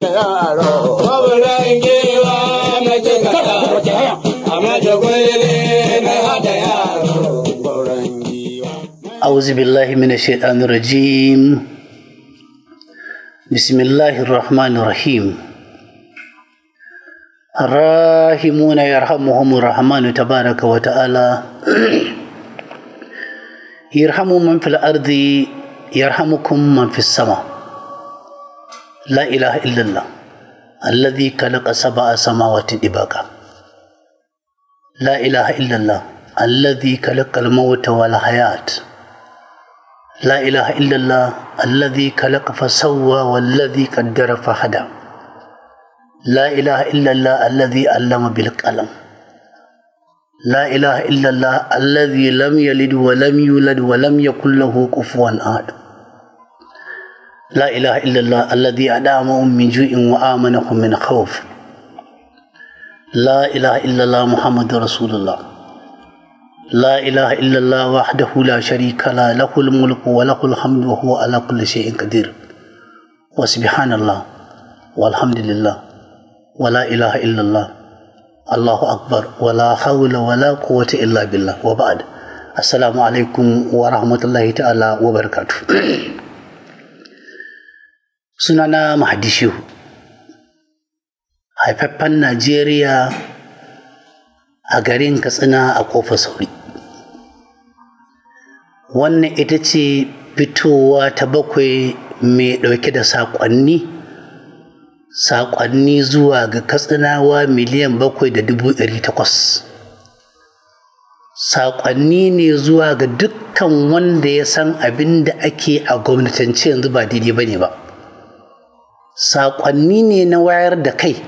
أعوذ بالله من الشيطان الرجيم بسم الله الرحمن الرحيم الراحمون يرحمهم الرحمن تبارك وتعالى يرحم من في الأرض يرحمكم من في السماء la ilaha illallah alladhi khalaqa sab'a samawati dibaqa la ilaha illallah alladhi khalaqa al-mauta wal hayat la ilaha illallah alladhi khalaqa fasawwa walladhi qaddara fahada la ilaha illallah alladhi allama bil qalam لا إله إلا الله الذي لم يلد ولم يولد ولم يكن له كفوا أحد لا إله إلا الله الذي أدامهم من جوع وآمنهم من خوف لا إله إلا الله محمد رسول الله لا إله إلا الله وحده لا شريك له له الملك وله الحمد وهو على كل شيء قدير وسبحان الله والحمد لله ولا إله إلا الله الله أكبر ولا حول ولا قوة إلا بالله وبعد السلام عليكم ورحمة الله تعالى وبركاته sunana mahadi shehu haifaffen najeriya a garin katsina a kofa sauri wannan ita ce fitowa ta bakwai mai ɗauke da saƙonni saƙonni zuwa ga katsinawa miliyan bakwai da dubu ɗari takwas saƙonni ne zuwa ga dukkan wanda ya san abin da ake a gwamnatance yanzu ba daidai ba ne ba saƙonni ne na wayar da kai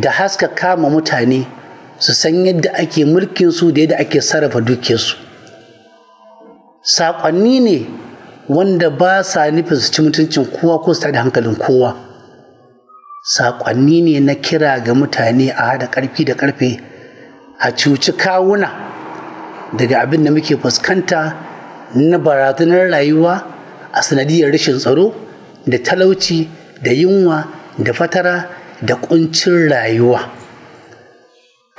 da haska kama mutane su san yadda ake mulkinsu da yadda ake sarrafa dukiyarsu saƙonni ne wanda ba sa nufin su ci mutuncin kowa ko su da hankalin kowa saƙonni ne na kira ga mutane a haɗa ƙarfi da ƙarfe a cuci kawuna daga abin da muke fuskanta na barazanar rayuwa a sanadiyar rashin tsaro da talauci da yunwa da fatara da kuncin rayuwa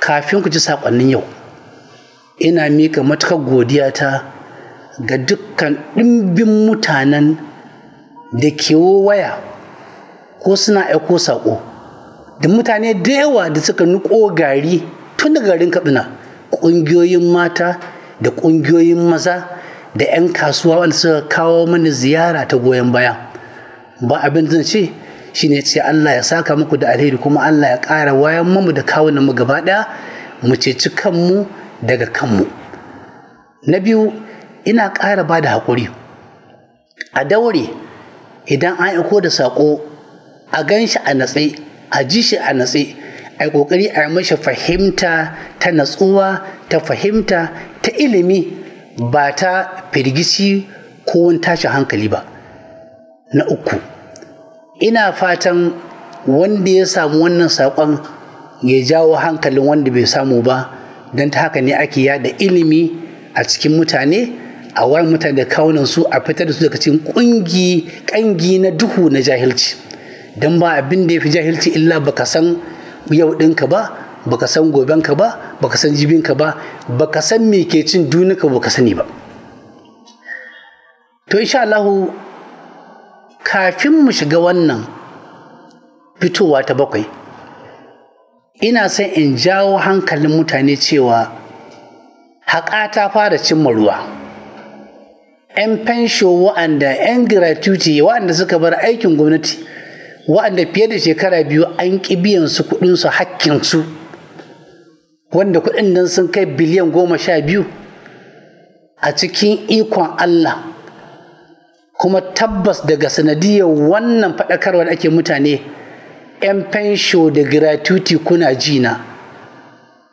kafin ku ci saƙonnin yau ina mika matukar ta ga dukkan ɗimbin mutanen da ke waya ko suna aiko saƙo da mutane da yawa da suka nuko gari tun da garin katsina ƙungiyoyin mata da ƙungiyoyin maza da 'yan kasuwa wanda suka kawo mani ziyara ta goyon bayan. ba abin zan ce ne ce Allah ya saka muku da alheri kuma Allah ya ƙara wayan mamu da kawunan mu gaba ɗaya mu ceci kanmu daga kanmu na biyu ina ƙara ba da haƙuri a daure idan an iko da saƙo a gan shi a natse a ji shi a natse a ƙoƙari a mashi fahimta ta natsuwa ta fahimta ta ilimi ba ta firgici ko tashi hankali ba na uku ina fatan wanda ya samu wannan saƙon ya jawo hankalin wanda bai samu ba don ta haka ne ake yada ilimi a cikin mutane a wayan mutane da kawunan su a fitar da su daga cikin kungi kangi na duhu na jahilci don ba abin da ya fi jahilci illa baka san yau ɗinka ba baka san gobenka ba baka san jibinka ba baka san me ke cin ba baka sani ba to insha Allahu kafin mu shiga wannan fitowa ta bakwai ina son in jawo hankalin mutane cewa haƙa ta fara cimma ruwa 'yan fensho wa'anda 'yan gratuity wa'anda suka bar aikin gwamnati wa'anda fiye da shekara biyu an ƙi biyan su kuɗinsu hakkinsu wanda kuɗin nan sun kai biliyan goma sha biyu a cikin ikon Allah kuma tabbas daga sanadiyar wannan faɗakarwa da ake mutane 'yan fensho da gratuity kuna jina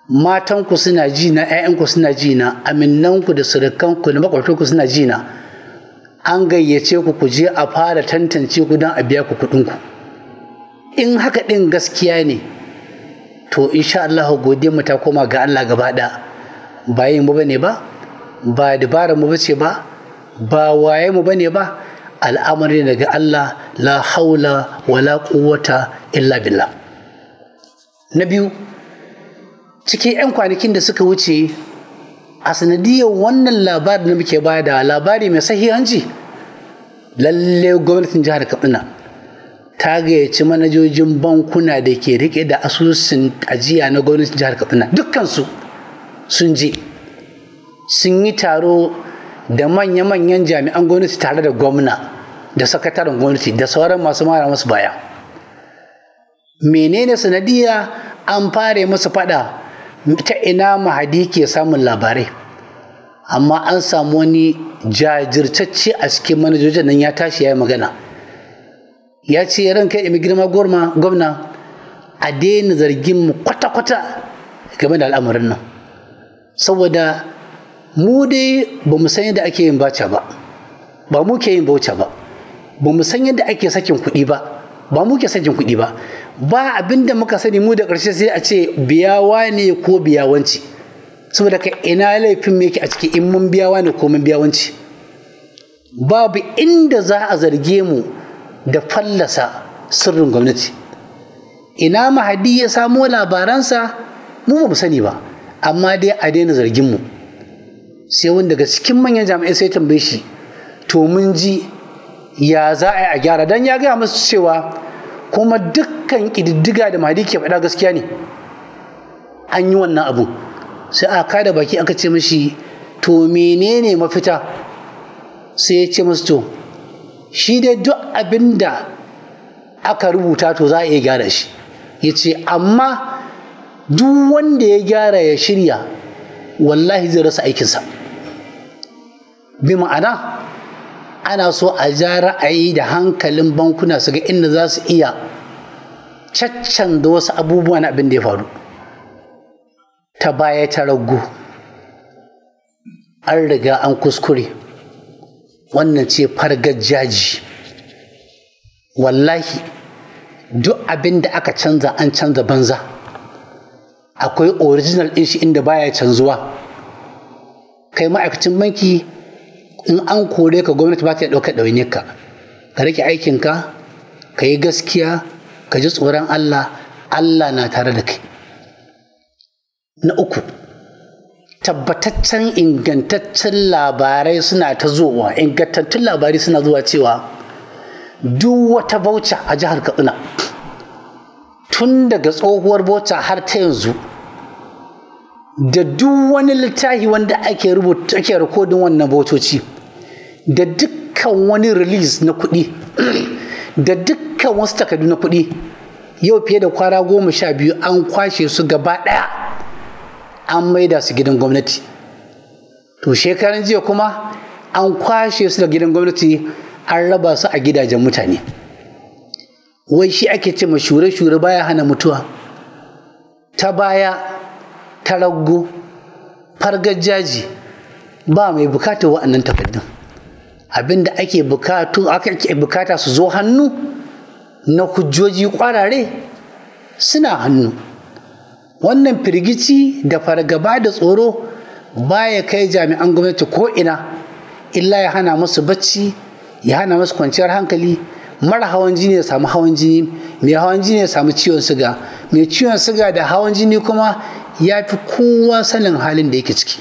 matanku suna jina 'ya'yanku suna jina aminanku da surukanku da makwabtanku suna jina an gayyace ku ku je a fara tantance ku don a biya ku kuɗinku in haka ɗin gaskiya ne to insha Allah gode mu ta koma ga Allah gaba ɗaya ba yin ba ne ba ba dabara mu bace ba ba waye mu bane ba al'amari daga Allah la haula wala quwwata illa billah na biyu cikin 'yan kwanakin da suka wuce a sanadiyar wannan labarin da muke da labari mai sahihanci lalle gwamnatin jihar kaduna ta gayyaci manajojin bankuna da ke rike da asusun ajiya na gwamnatin jihar kaduna dukkansu sun je sun yi taro da manya-manyan jami'an gwamnati tare da gwamna da sakataren gwamnati da sauran masu mara masu baya menene sanadiyya an fara masu fada ta ina mahadi ke samun labarai amma an samu wani jajirtacce a cikin manajojin nan ya tashi ya yi magana ya ce ran kai mai girma gwamna a daina zargin mu kwata-kwata game da al'amarin nan saboda mu dai ba mu san yadda ake yin baca ba ba mu ke yin bauta ba ba mu san yadda ake sakin kuɗi ba ba mu ke sakin kuɗi ba ba abin da muka sani mu da ƙarshe sai a ce biyawa ne ko biyawanci saboda ka ina laifin me yake a ciki in mun biyawa ne ko mun biyawanci babu inda za a zarge mu da fallasa sirrin gwamnati ina mahadi ya samo labaransa mu ba mu sani ba amma dai a daina zargin mu sai wanda daga cikin manyan jami'ai sai tambaye shi to mun ji ya za a yi a gyara don ya gaya masu cewa kuma dukkan ƙididdiga da mahadi ke faɗa gaskiya ne an yi wannan abu sai a da baki aka ce mashi to menene mafita sai ya ce masu to shi dai duk abin da aka rubuta to za a iya gyara shi ya ce amma duk wanda ya gyara ya shirya wallahi zai rasa aikinsa bi ma'ana ana so a ja ra'ayi da hankalin bankuna su ga inda za su iya caccan da wasu abubuwa na abin da ya faru ta baya ta ragu an riga an kuskure wannan ce fargajaji wallahi duk abin da aka canza an canza banza akwai original ɗin shi inda baya canzuwa kai ma'aikacin banki in an kore ka gwamnati ba ta ɗaukar ɗaunin ka ka rike aikinka ka yi gaskiya ka ji tsoron Allah Allah na tare da kai na uku tabbataccen ingantaccen labarai suna ta zuwa ingantaccen labarai suna zuwa cewa duk wata bauta a jihar katsina tun daga tsohuwar bauta har ta yanzu da duk wani littafi wanda ake rubuta ake rikodin wannan botoci da dukkan wani release na kuɗi da dukkan wasu takardu na kuɗi yau fiye da kwara goma sha biyu an kwashe su gaba ɗaya an maida su gidan gwamnati to shekaran jiya kuma an kwashe su da gidan gwamnati an raba su a gidajen mutane wai shi ake ce ma shure-shure baya hana mutuwa ta baya taraggo fargajaji ba mai bukatar wa'annan takardun abinda ake bukatu ake bukata su zo hannu na hujjoji kwarare suna hannu wannan firgici da fargaba da tsoro baya kai jami'an gwamnati ko'ina, illa ya hana musu bacci ya hana musu kwanciyar hankali mara hawan jini ya samu hawan jini mai hawan jini ya samu ciwon siga mai ciwon siga da hawan jini kuma ya fi kowa sanin halin da yake ciki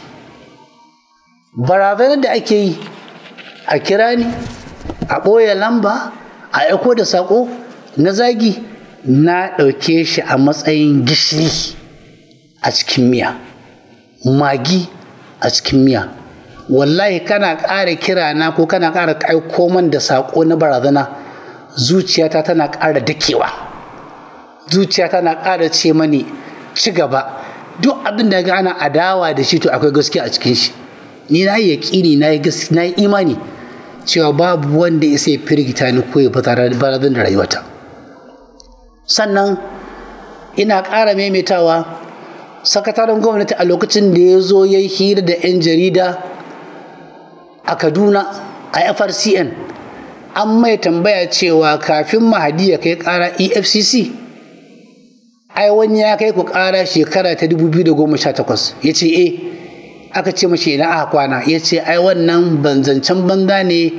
barazanar da ake yi a kira ni a ɓoye lamba a aiko da saƙo na zagi na ɗauke shi a matsayin gishiri a cikin miya magi a cikin miya wallahi kana ƙara kira na ko kana ƙara aiko man da saƙo na barazana zuciyata tana ƙara dakewa zuciya tana ƙara ce mani ci gaba duk abin da ga ana adawa da shi to akwai gaskiya a cikin shi ni na yi yaƙini na yi imani cewa babu wanda ya sai firgita ni ko ya barazan da rayuwata sannan ina ƙara maimaitawa sakataren gwamnati a lokacin da ya zo ya yi hira da 'yan jarida a kaduna a frcn an mai tambaya cewa kafin mahadi ya kai ƙara efcc ai wani ya kai ku ƙara shekara ta 2018 ya ce e. aka ce mashi idan aka kwana ya ce ai wannan banzancen banza ne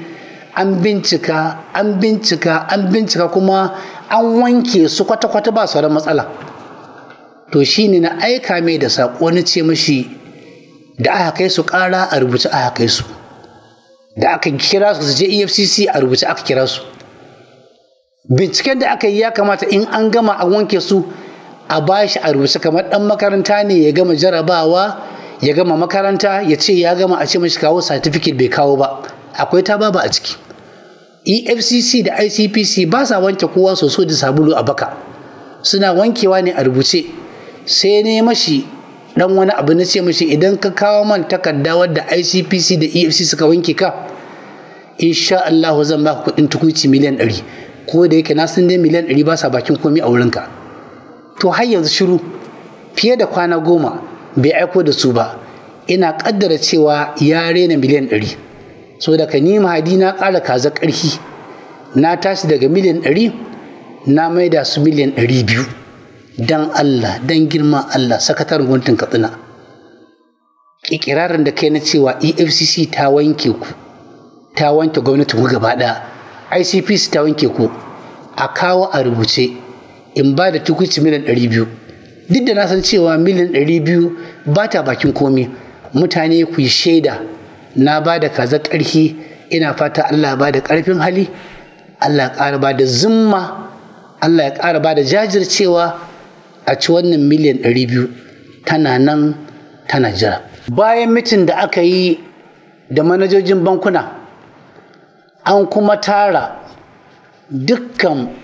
an bincika an bincika an bincika kuma an wanke su kwata-kwata ba sauran matsala to shi ne na aika mai da saƙo na ce mashi da aka kai su ƙara a rubuce aka kai su da aka kira su su je efcc a rubuce aka kira su binciken da aka yi ya kamata in an gama a wanke su a bashi a rubuce kamar ɗan makaranta ne ya gama jarabawa ya gama makaranta ya ce ya gama a ce mashi kawo certificate bai kawo ba akwai ta baba a ciki efcc da icpc ba sa wanke kowa soso da sabulu a baka suna wankewa ne a rubuce sai ne mashi dan wani abu na ce mashi idan ka kawo man takarda wadda icpc da efcc suka wanke ka insha Allah zan baka kuɗin tukuci miliyan ɗari ko da yake na san dai miliyan ɗari ba sa bakin komi a wurinka to har yanzu shiru fiye da kwana goma bai aiko da su ba ina kaddara cewa ya rena miliyan ɗari so daga ni mahadi na ƙara kaza ƙarfi na tashi daga miliyan ɗari na mai da su miliyan ɗari biyu don Allah don girma Allah sakataren gwamnatin Katsina ikirarin da kai na cewa EFCC ta wanke ku ta wanke gwamnatin ku gaba ɗaya ICPC ta wanke ku a kawo a rubuce in ba da tukuci miliyan ɗari biyu duk da na san cewa miliyan ɗari biyu ba ta bakin komi mutane ku yi shaida na ba da kaza ƙarfi ina fata Allah ba da ƙarfin hali Allah ya ƙara ba da zumma Allah ya ƙara ba da jajircewa a ci wannan miliyan ɗari biyu tana nan tana jira bayan mitin da aka yi da manajojin bankuna an kuma tara dukkan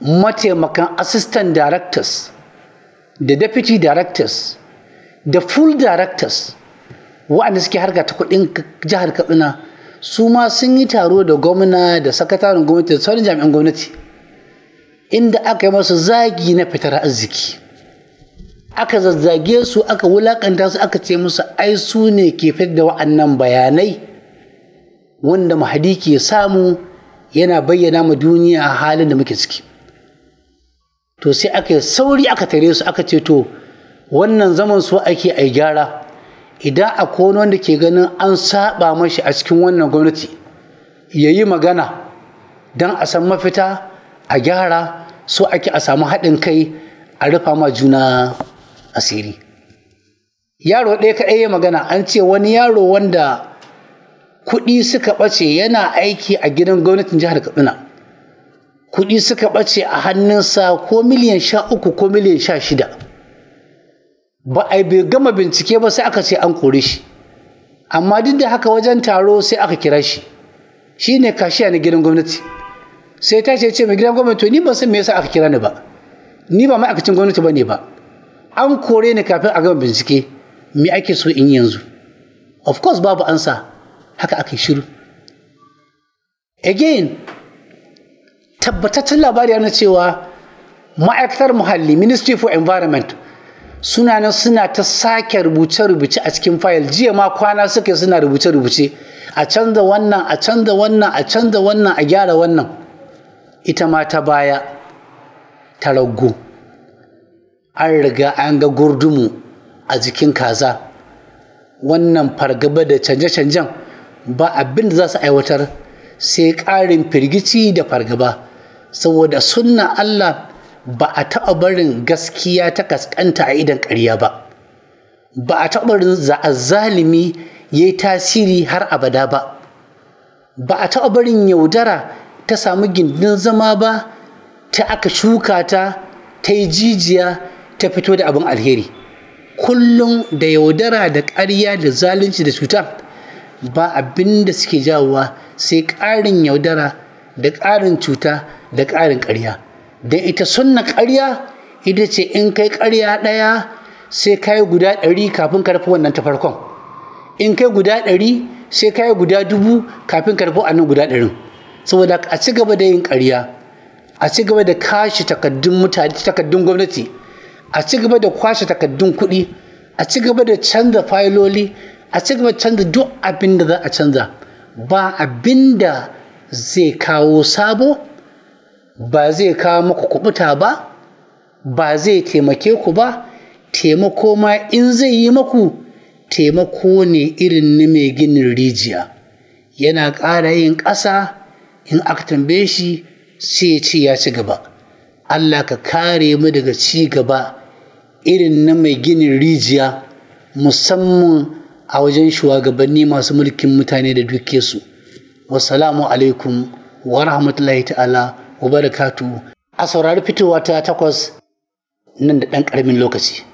mataimakan assistant directors da deputy directors da full directors waɗanda suke harka ta kuɗin jihar katsina su ma sun yi taro da gwamna da sakataren gwamnati da sauran jami'an gwamnati inda aka yi masu zagi na fitar arziki aka zazzage su aka wulakanta su aka ce musu ai su ne ke fitar da wa'annan bayanai wanda mahadi ke samu yana bayyana ma duniya halin da muke ciki to sai aka sauri aka tare su aka ce to wannan zaman su ake a gyara idan akwai wani wanda ke ganin an saba mashi a cikin wannan gwamnati ya yi magana don a san mafita a gyara so ake a samu haɗin kai a rufa ma juna asiri yaro ɗaya kaɗai ya magana an ce wani yaro wanda kuɗi suka ɓace yana aiki a gidan gwamnatin jihar katsina kuɗi suka ɓace a hannunsa ko miliyan sha uku ko miliyan sha shida ba a bai gama bincike ba sai aka ce an kore shi amma duk da haka wajen taro sai aka kira shi shi ne kashiya na gidan gwamnati sai ta ce ce mai gidan gwamnati ni ba san me yasa aka kira ni ba ni ba ma'aikacin gwamnati ba ne ba an kore ni kafin a gama bincike me ake so in yanzu of course babu ansa haka aka shiru again tabbataccen labari na cewa ma'aikatar muhalli ministry for environment suna nan suna ta sake rubuce-rubuce a cikin fayil jiya ma kwana suka suna rubuce-rubuce a canza wannan a canza wannan a canza wannan a gyara wannan ita ma ta baya ta ragu an riga an ga gurdumu a jikin kaza wannan fargaba da canje-canjen ba abin da za su aiwatar sai ƙarin firgici da fargaba saboda sunna Allah ba a taɓa barin gaskiya ta kaskanta a idan ƙarya ba ba a taɓa barin zalimi ya yi tasiri har abada ba ba a taɓa barin yaudara ta samu gindin zama ba ta aka shuka ta ta yi jijiya ta fito da abin alheri kullum da yaudara da ƙarya da zalunci da cuta ba abin da suke jawowa sai ƙarin yaudara da ƙarin cuta da ƙarin ƙarya don ita sunna ƙarya ita ce in kai ƙarya ɗaya sai ka yi guda ɗari kafin karfi wannan ta farkon in kai guda ɗari sai ka yi guda dubu kafin karfi wannan annan guda ɗarin saboda a ci gaba da yin ƙarya a ci gaba da kashe takaddun mutane takaddun gwamnati a ci gaba da kwashe takaddun kuɗi a ci gaba da canza fayiloli a ci gaba canza duk abin da za a canza ba abin da zai kawo sabo ba zai kawo muku kubuta ba ba zai taimake ku ba taimako ma in zai yi maku taimako ne irin na mai ginin rijiya yana ƙara yin ƙasa in aka tambaye shi sai ce ya ci gaba Allah ka kare mu daga ci gaba irin na mai ginin rijiya musamman a wajen shugabanni masu mulkin mutane da duke su wasalamu alaikum wa rahmatullahi ta'ala wa katu. a saurari fitowa ta takwas nan da ɗan ƙaramin lokaci.